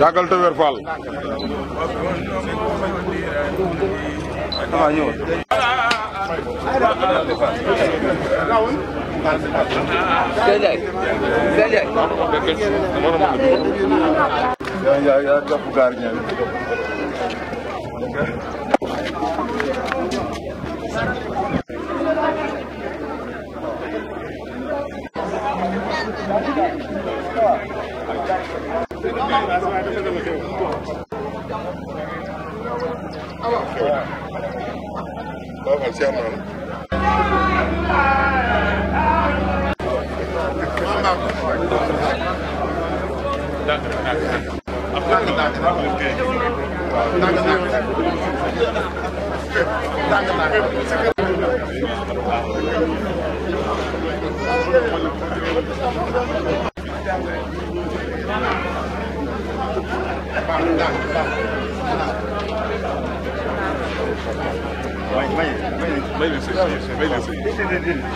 yàggal te wér Fall. yaa yaa jàpp gardien bi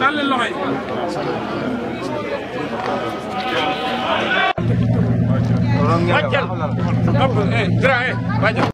tàllal loxo yi wàccal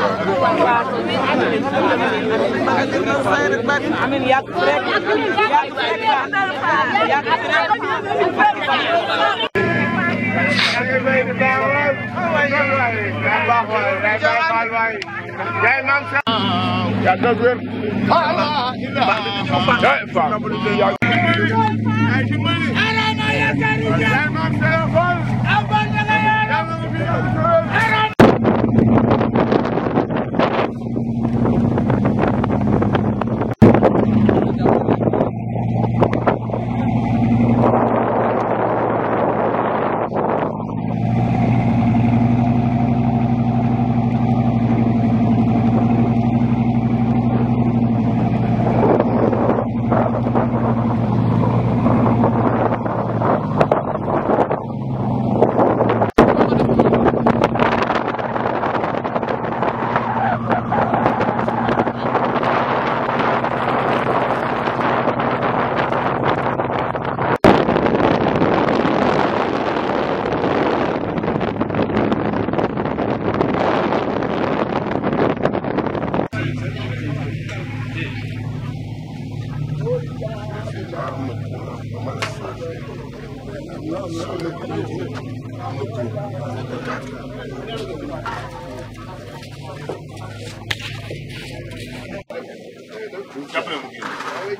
Gel mamsel fal. Abban ya. Yanını bir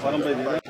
Parang pwede na.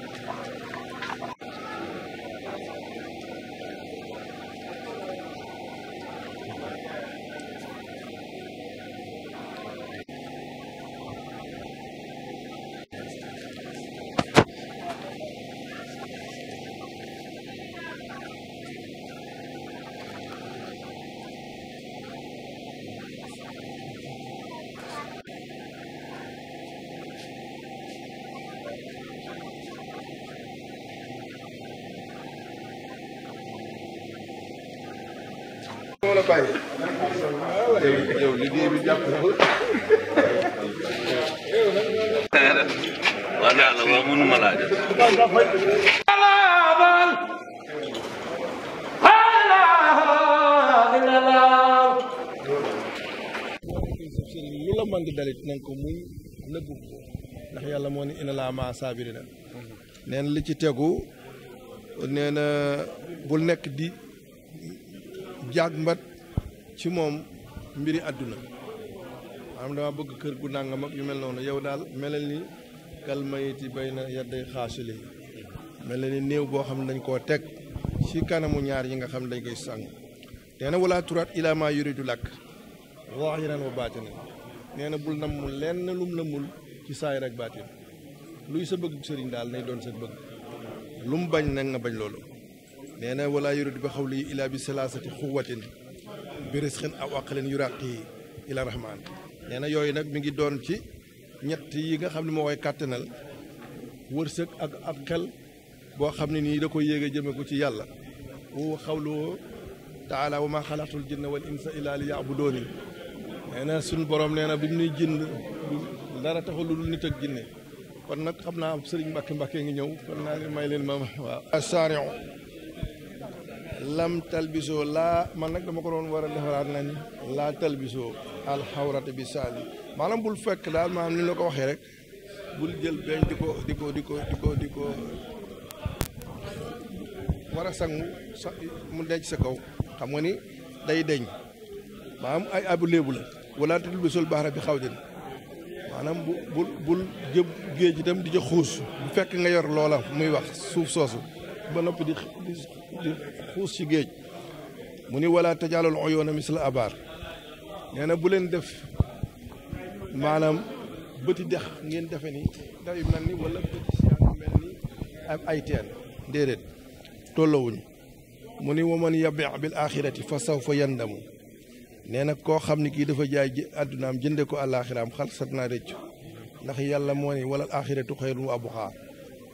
bàyyi lu la man di dalit na ko muñ nëbbu ndax yàlla moo ne ina saabirina nee li ci tegu nee bul nekk di jàgmbat ci moom mbiri àdduna am dama bëgg kër gu nàngam mag yu mel noonu yow daal melal ni yi bay na yadday xaasili melal ni néew boo xam ne dañ koo teg ci kanamu ñaar yi nga xam ne dañ koy sàng nee na wala turaat ilaa maa yuridu làkk wax yi naan wa baatini nee na bul nammul lenn lu nammul ci saay rek baatin luy sa bëgg sëriñ daal nay doon sa bëgg lu mu bañ nag nga bañ loolu nee na wala yuridu bi xawli ilaa bi salaasati xuwatin birisxin aw aqalin yuraqi ila rahman nee na yooyu nag mi ngi doon ci ñett yi nga xam ne moo koy kàttanal wërsëg ak ab xel boo xam ne nii da ko yéege jëme ko ci yàlla wa xawluhu taala wa ma xalaqtul jinna wal insa illa li yaabudooni nee na suñ borom nee bi mu nuy jënd dara taxul lu nit ak jinne kon nag xam naa sëriñ mbàkke mbàkke ngi ñëw kon naa ngi may leen ma waaw lam talbisoo laa man nag dama ko doon war a defaraat nañ laa talbisoo alxawrata bi saali maanaam bul fekk daal maanaam ni la ko waxee rek bul jël beñ ko di ko di ko war a sangu sa mu kaw xam nga ni day deñ maanaam ay abu léebu la wala talbisoo baxra bi xaw din maanaam bu bul bul jëm géej itam di ca xuus bu fekk nga yor loola muy wax suuf soosu بنوب دي ان خوسي گيج موني ولا تجعل العيون مثل ابار نانا بولين ديف ان بتي ديخ نين ديفاني داي ملني ولا بتي سيان ملني اي ان ديرت تولو وني موني ومن يبيع بالاخره فسوف يندم نانا كو ان كي دافا جاي ادنام جندكو الاخره ام خلصتنا رچ نخ يالا ان ولا الاخره خير وابخا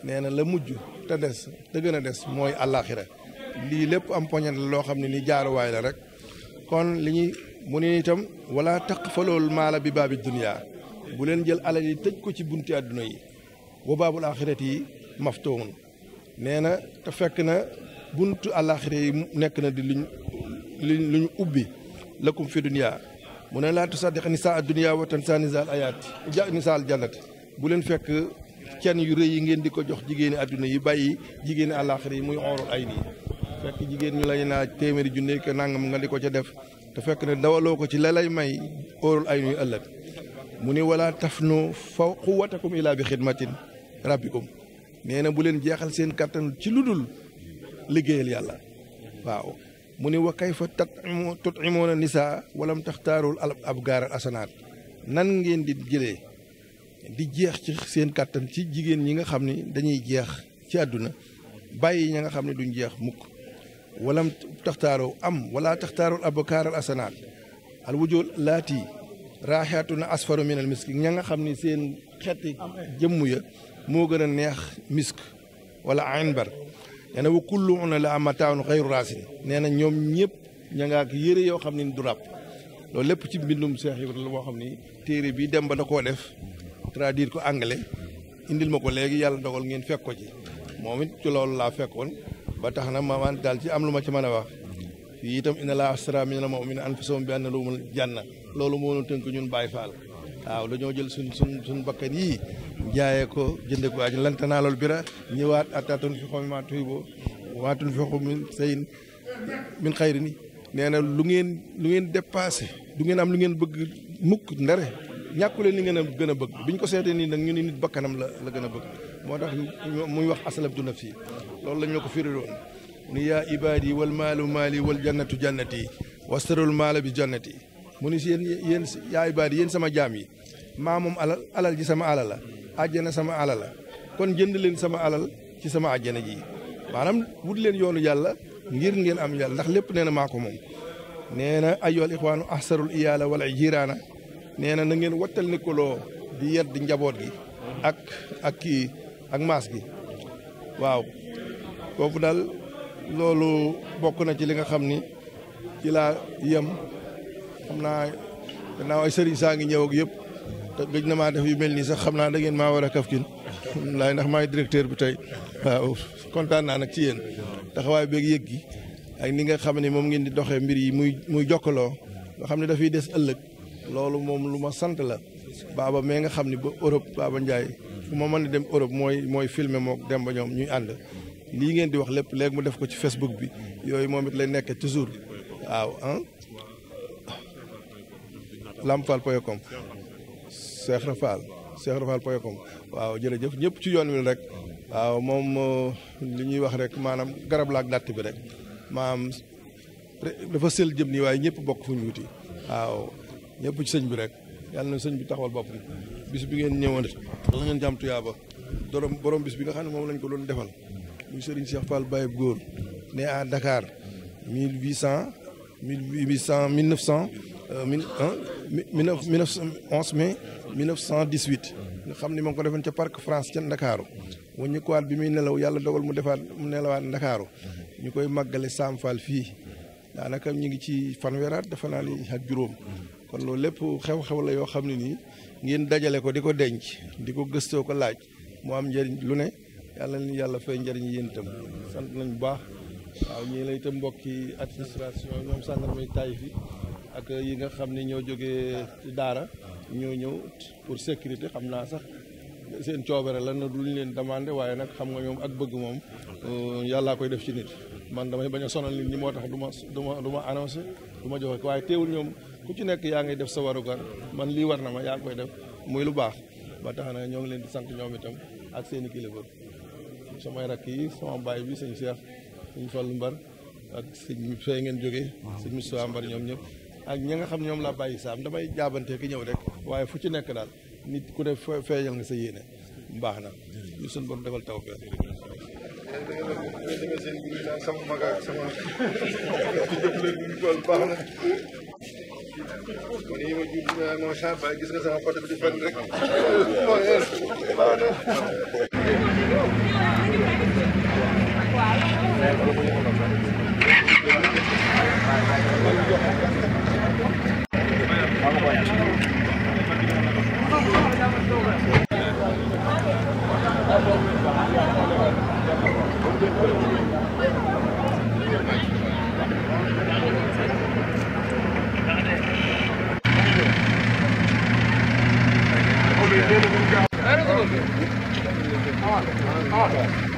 nee na la mujj te des gën a des mooy àllaaxira lii lépp am poñet la loo xam ne ni jaaruwaay la rek kon li ñuy mu ne itam wala taq falool maala bi baabi dunia bu leen jël alal yi tëj ko ci bunt àdduna yi wa baabul axirati yi maftuun nee na te fekk na buntu àllaaxira yi nekk na di luñ luñ luñ ubbi lakum fi dunia mu ne laa tusaddiq nisaa dunia wa tansa nisaal ayaat nisaal jannat bu leen fekk can yu rëy yi ngeen di ko jox jigéeni àdduna yi bàyyi jigéeni àllaaxira yi muy oorul ay nii fekk jigéen ñu lay naa téeméeri junne ke nangam nga di ko ca def te fekk ne dawaloo ko ci la lay may oorul ay nuy ëllëg mu ni wala tafnu fa quwwatakum ilaa bi xidmatin rabbikum nee na bu leen jeexal seen kàttan ci lu dul yàlla waaw mu ni wa kayfa tutimuuna nisaa walam taxtaarul ab al asanaat nan ngeen di jëlee di jeex ci seen kàttan ci jigéen ñi nga xam ni dañuy jeex ci àdduna bàyyi ña nga xam ne duñ jeex mukk walam taxtaaroo am wala taxtaarul abakaar asanaat al wujul laati raxeetu na min al misk ña nga xam ni seen xeeti jëmmu ya moo gën a neex misk wala aynbar nee na wa kullu una la amataanu xayru raasin nee na ñoom ñëpp ña nga ak yére yoo xam ne du ràpp loolu lépp ci mbindum Seex Ibra la moo xam ni téere bi dem ba da koo def traduire ko anglais indil ma ko léegi yàlla dogal ngeen fekk ko ci moom it ci loolu laa fekkoon ba tax na ma man daal ci am lu ma ci mën a wax fii itam inna laa ashtara minal mu'minina anfusahum bi soom lahumul janna loolu moo doon tënk ñun Baay Faal waaw dañoo jël suñ suñ suñ bakkan yii jaayee ko jënde ko aaj lan tanaalul birra ñëwaat hattaa tunfiqu mimmaa tuhibbuun wa maa tunfiqu min shay'in min xayrin nee na lu ngeen lu ngeen dépassé du ngeen am lu ngeen bëgg mukk ndare ñàkkuleen ni ngeen a gën a bëgg biñ ko seeteeni na nag ñu ni la la gën a bëgg moo tax muy wax asalabtu nafsi loolu la ñoo ko firiroon ni yaa ibaadi wal maalu maali wal jannatu jannati wastarul maala bi jannati mu ni si yéen yéen yaa ibaadi yéen sama jaam yi maa moom alal alal ji sama alal la àjjana sama alal la kon jënd leen sama alal ci sama àjjana ji maanaam wut leen yoonu yàlla ngir ngeen am yàlla ndax lépp nee na maa ko moom nee na ayyuhal ixwaanu ahsarul iyaala wala jiraana nee na na ngeen wattal ni koloo di yedd njaboot gi ak ak kii ak maas gi waaw foofu daal loolu bokk na ci li nga xam ni ci laa yem xam naa gannaaw ay sëriñ saa ngi ñëw ak gëj na maa def yu mel nii sax xam naa na ngeen maa war a kafkin laay ndax maay directeur bi tey waaw kontaan naa nag ci yéen taxawaay beeg ak ni nga xam ne moom ngeen di doxee mbir yi muy muy jokkaloo nga xam ne dafay des ëllëg loolu moom lu ma sant la baaba mais nga xam ni ba Europe baaba Ndiaye fu ma mën a dem Europe mooy mooy filmer mook dem ba ñoom ñuy ànd lii ngeen di wax lépp léegi mu def ko ci Facebook bi yooyu moom it lay nekk toujours waaw ah lamfal poyocom waaw jërëjëf ñëpp ci yoon wi rek waaw uh, li ñuy wax rek maanaam garab laak dàtt bi rek maanaam dafa sël jëm nii waaye ñëpp bokk fu ñu wuti waaw lépp ci sëñ bi rek yàlla na sëñ bi taxawal boppam bis bi ngeen ñëwoon dana ngeen jàmm tuyaaba borom borom bis bi nga xam ne moom lañ ko doon defal muy Serigne Cheikh Fall Baye Góor né à Dakar mille huit cent mille huit cent mille neuf cent euh, mille onze mai mille neuf cent dix-huit nga xam ne moom ko defan ca Parc France ca Ndakaaru mu ñu kuwaat bi muy nelaw yàlla dogal mu defaat mu nelawaat Ndakaaru ñu koy màggale Sam Fall fii daanaka ñu ngi ci fanweeraat dafa naa li ak juróom kon loolu lépp xew-xew la yoo xam ne nii ngeen dajale ko di ko denc di ko gëstoo ko laaj mu am njëriñ lu ne yàlla ni yàlla fay njëriñ yéen itam sant nañ bu baax waaw ñii lay itam mbokki administration ñoom sàndarmay Taif yi ak yi nga xam ne ñoo jógee daara ñoo ñëw pour sécurité xam naa sax seen coobere la na duñ leen demandé waaye nag xam nga ñoom ak bëgg moom euh, yàllaa koy def ci nit man damay bañ sonal nit ñi moo tax du ma du ma du ma annoncé du waaye teewul ñoom ku ci nekk yaa ngi def sa warugar man lii war na ma yaa ngi koy def muy lu baax ba tax na ñoo ngi leen sant ñoom itam ak seeni i kilifa samay rakk yi sama baay bi sëñ Cheikh sëñ Fallou ak sëñ ngeen jógee sëñ ñoom ñëpp ak ñi nga xam ñoom laa bàyyi saam damay jaabante ki ñëw rek waaye fu ci nekk daal nit ku def feeñal nga sa yéene mbaax na ñu suñ borom defal taw feex sama mag Ini maju juga mau siapa? Kita sama pada di depan mereka. Terima kasih. Chicago.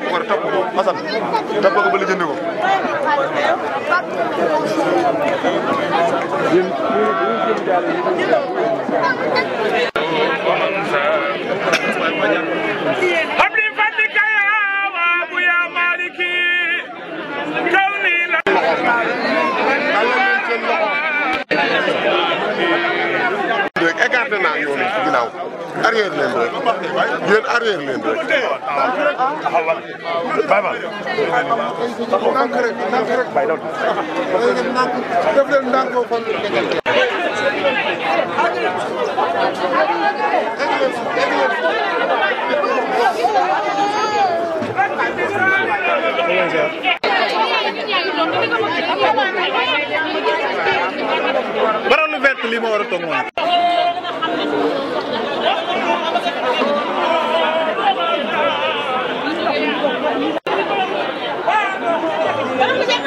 topp ko topp ko Assane topp ko ba la jënd ko. ginnaaw arrière leen rek yéen arrière leen rek. ndànk rek ndànk rek. def leen ndànk ko fan. Bara lu vert li ma war a toog moom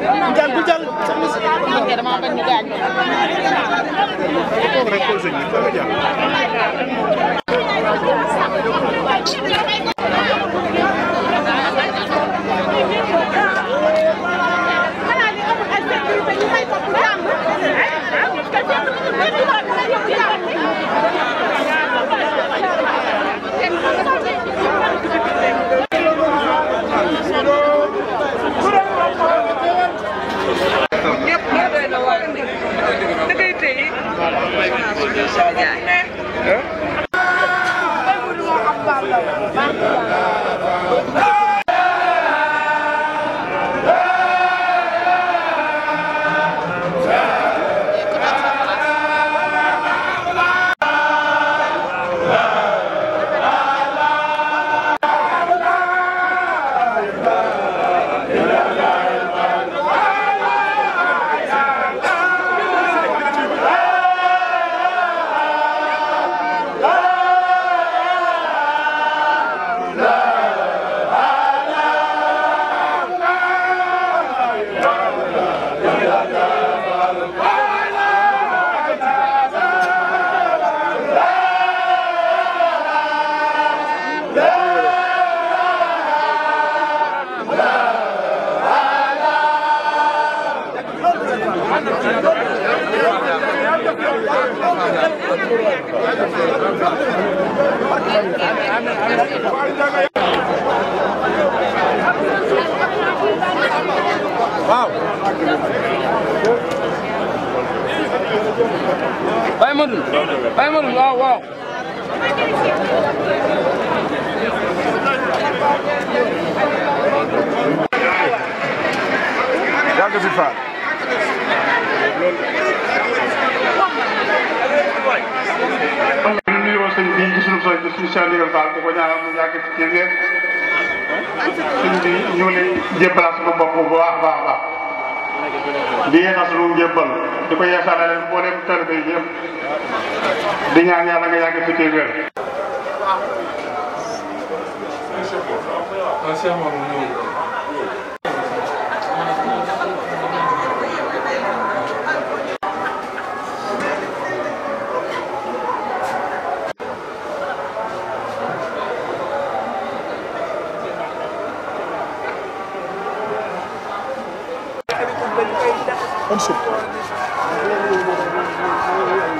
jàll bu jàll soxna si. toog rek da ngay téye. Danke FIFA. Di ñaan yalla nga yagg ci téwël On con